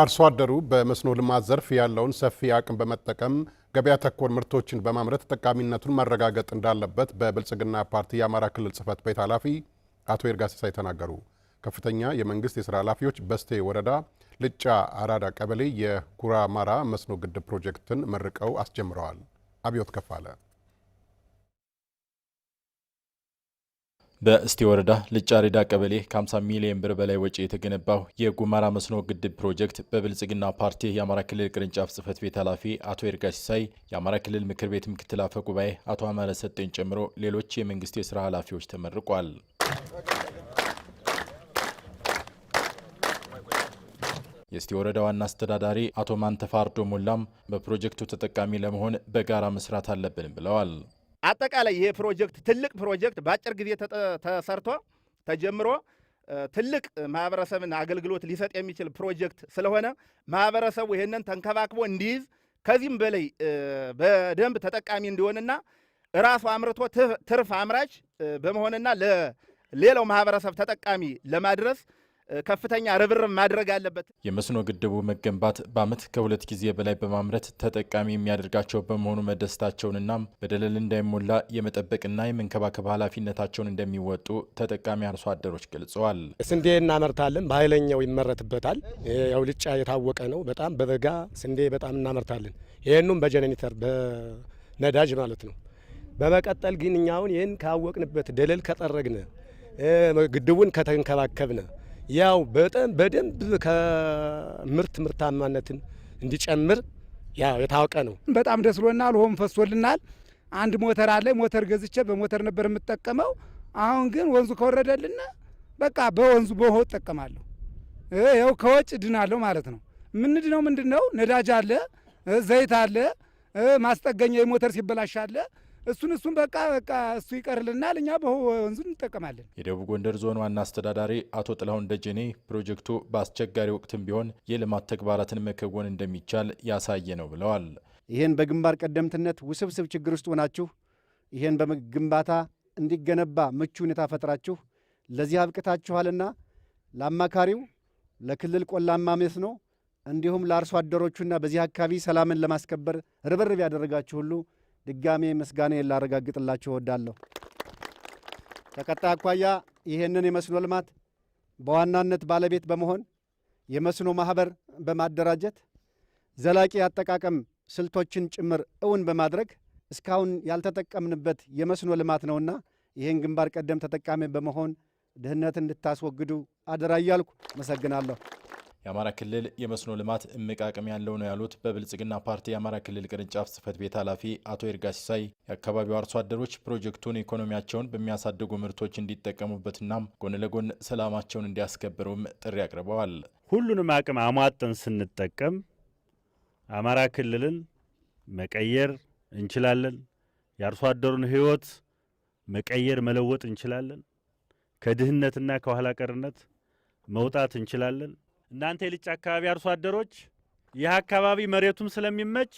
አርሶ አደሩ በመስኖ ልማት ዘርፍ ያለውን ሰፊ አቅም በመጠቀም ገበያ ተኮር ምርቶችን በማምረት ተጠቃሚነቱን ማረጋገጥ እንዳለበት በብልጽግና ፓርቲ የአማራ ክልል ጽህፈት ቤት ኃላፊ አቶ ይርጋ ሲሳይ ተናገሩ። ከፍተኛ የመንግስት የሥራ ኃላፊዎች በስቴ ወረዳ ልጫ አራዳ ቀበሌ የጉራማራ መስኖ ግድብ ፕሮጀክትን መርቀው አስጀምረዋል። አብዮት ከፋለ በእስቴ ወረዳ ልጫሬዳ ቀበሌ ከ50 ሚሊዮን ብር በላይ ወጪ የተገነባው የጉማራ መስኖ ግድብ ፕሮጀክት በብልጽግና ፓርቲ የአማራ ክልል ቅርንጫፍ ጽህፈት ቤት ኃላፊ አቶ ይርጋ ሲሳይ፣ የአማራ ክልል ምክር ቤት ምክትል አፈ ጉባኤ አቶ አማረ ሰጠኝ ጨምሮ ሌሎች የመንግስት የስራ ኃላፊዎች ተመርቋል። የእስቴ ወረዳ ዋና አስተዳዳሪ አቶ ማንተፋርዶ ሞላም በፕሮጀክቱ ተጠቃሚ ለመሆን በጋራ መስራት አለብን ብለዋል። አጠቃላይ ይሄ ፕሮጀክት ትልቅ ፕሮጀክት በአጭር ጊዜ ተሰርቶ ተጀምሮ ትልቅ ማህበረሰብን አገልግሎት ሊሰጥ የሚችል ፕሮጀክት ስለሆነ ማህበረሰቡ ይህንን ተንከባክቦ እንዲይዝ ከዚህም በላይ በደንብ ተጠቃሚ እንዲሆንና ራሱ አምርቶ ትርፍ አምራች በመሆንና ለሌላው ማህበረሰብ ተጠቃሚ ለማድረስ ከፍተኛ ርብርብ ማድረግ አለበት። የመስኖ ግድቡ መገንባት በዓመት ከሁለት ጊዜ በላይ በማምረት ተጠቃሚ የሚያደርጋቸው በመሆኑ መደሰታቸውንና በደለል እንዳይሞላ የመጠበቅና የመንከባከብ ኃላፊነታቸውን እንደሚወጡ ተጠቃሚ አርሶ አደሮች ገልጸዋል። ስንዴ እናመርታለን፣ በኃይለኛው ይመረትበታል። ያው ልጫ የታወቀ ነው። በጣም በበጋ ስንዴ በጣም እናመርታለን። ይህኑም በጀኔሬተር በነዳጅ ማለት ነው። በመቀጠል ግን እኛውን ይህን ካወቅንበት ደለል ከጠረግነ ግድቡን ከተንከባከብነ ያው በጣም በደንብ ከምርት ምርታማነትን እንዲጨምር ያው የታወቀ ነው። በጣም ደስ ብሎናል። ውሃም ፈሶልናል። አንድ ሞተር አለ። ሞተር ገዝቼ በሞተር ነበር የምጠቀመው። አሁን ግን ወንዙ ከወረደልና በቃ በወንዙ በውሃው እጠቀማለሁ። ይኸው ከወጭ ድናለሁ ማለት ነው። ምንድነው ምንድነው ነዳጅ አለ፣ ዘይት አለ፣ ማስጠገኛ የሞተር ሲበላሽ አለ። እሱን እሱን በቃ በቃ እሱ ይቀርልናል፣ እኛ በወንዙ እንጠቀማለን። የደቡብ ጎንደር ዞን ዋና አስተዳዳሪ አቶ ጥላሁን ደጀኔ ፕሮጀክቱ በአስቸጋሪ ወቅትም ቢሆን የልማት ተግባራትን መከወን እንደሚቻል ያሳየ ነው ብለዋል። ይህን በግንባር ቀደምትነት ውስብስብ ችግር ውስጥ ሆናችሁ ይህን በግንባታ እንዲገነባ ምቹ ሁኔታ ፈጥራችሁ ለዚህ አብቅታችኋልና ለአማካሪው ለክልል ቆላማ መስኖ እንዲሁም ለአርሶ አደሮቹና በዚህ አካባቢ ሰላምን ለማስከበር ርብርብ ያደረጋችሁ ሁሉ ድጋሜ ምስጋኔ ላረጋግጥላችሁ እወዳለሁ። ከቀጣይ አኳያ ይህንን የመስኖ ልማት በዋናነት ባለቤት በመሆን የመስኖ ማህበር በማደራጀት ዘላቂ አጠቃቀም ስልቶችን ጭምር እውን በማድረግ እስካሁን ያልተጠቀምንበት የመስኖ ልማት ነውና ይህን ግንባር ቀደም ተጠቃሚ በመሆን ድህነት እንድታስወግዱ አደራ እያልኩ አመሰግናለሁ። የአማራ ክልል የመስኖ ልማት እምቅ አቅም ያለው ነው ያሉት በብልጽግና ፓርቲ የአማራ ክልል ቅርንጫፍ ጽህፈት ቤት ኃላፊ አቶ ይርጋ ሲሳይ የአካባቢው አርሶ አደሮች ፕሮጀክቱን ኢኮኖሚያቸውን በሚያሳድጉ ምርቶች እንዲጠቀሙበትናም ጎን ለጎን ሰላማቸውን እንዲያስከብሩም ጥሪ አቅርበዋል። ሁሉንም አቅም አሟጠን ስንጠቀም አማራ ክልልን መቀየር እንችላለን። የአርሶ አደሩን ህይወት መቀየር መለወጥ እንችላለን። ከድህነትና ከኋላ ቀርነት መውጣት እንችላለን። እናንተ የልጭ አካባቢ አርሶ አደሮች ይህ አካባቢ መሬቱም ስለሚመች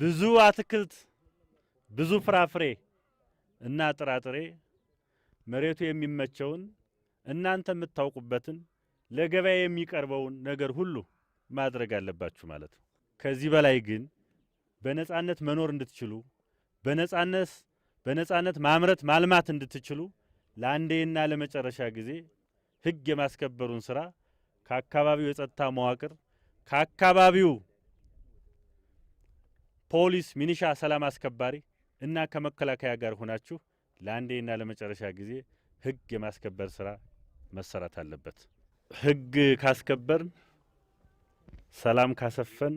ብዙ አትክልት፣ ብዙ ፍራፍሬ እና ጥራጥሬ መሬቱ የሚመቸውን እናንተ የምታውቁበትን ለገበያ የሚቀርበውን ነገር ሁሉ ማድረግ አለባችሁ ማለት ነው። ከዚህ በላይ ግን በነጻነት መኖር እንድትችሉ በነጻነት በነጻነት ማምረት ማልማት እንድትችሉ ለአንዴና ለመጨረሻ ጊዜ ሕግ የማስከበሩን ስራ ከአካባቢው የጸጥታ መዋቅር ከአካባቢው ፖሊስ፣ ሚኒሻ፣ ሰላም አስከባሪ እና ከመከላከያ ጋር ሆናችሁ ለአንዴና ለመጨረሻ ጊዜ ህግ የማስከበር ስራ መሰራት አለበት። ህግ ካስከበርን፣ ሰላም ካሰፈን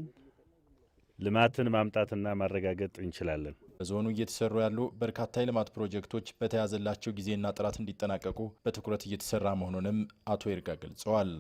ልማትን ማምጣትና ማረጋገጥ እንችላለን። በዞኑ እየተሰሩ ያሉ በርካታ የልማት ፕሮጀክቶች በተያዘላቸው ጊዜና ጥራት እንዲጠናቀቁ በትኩረት እየተሰራ መሆኑንም አቶ ይርጋ ገልጸዋል።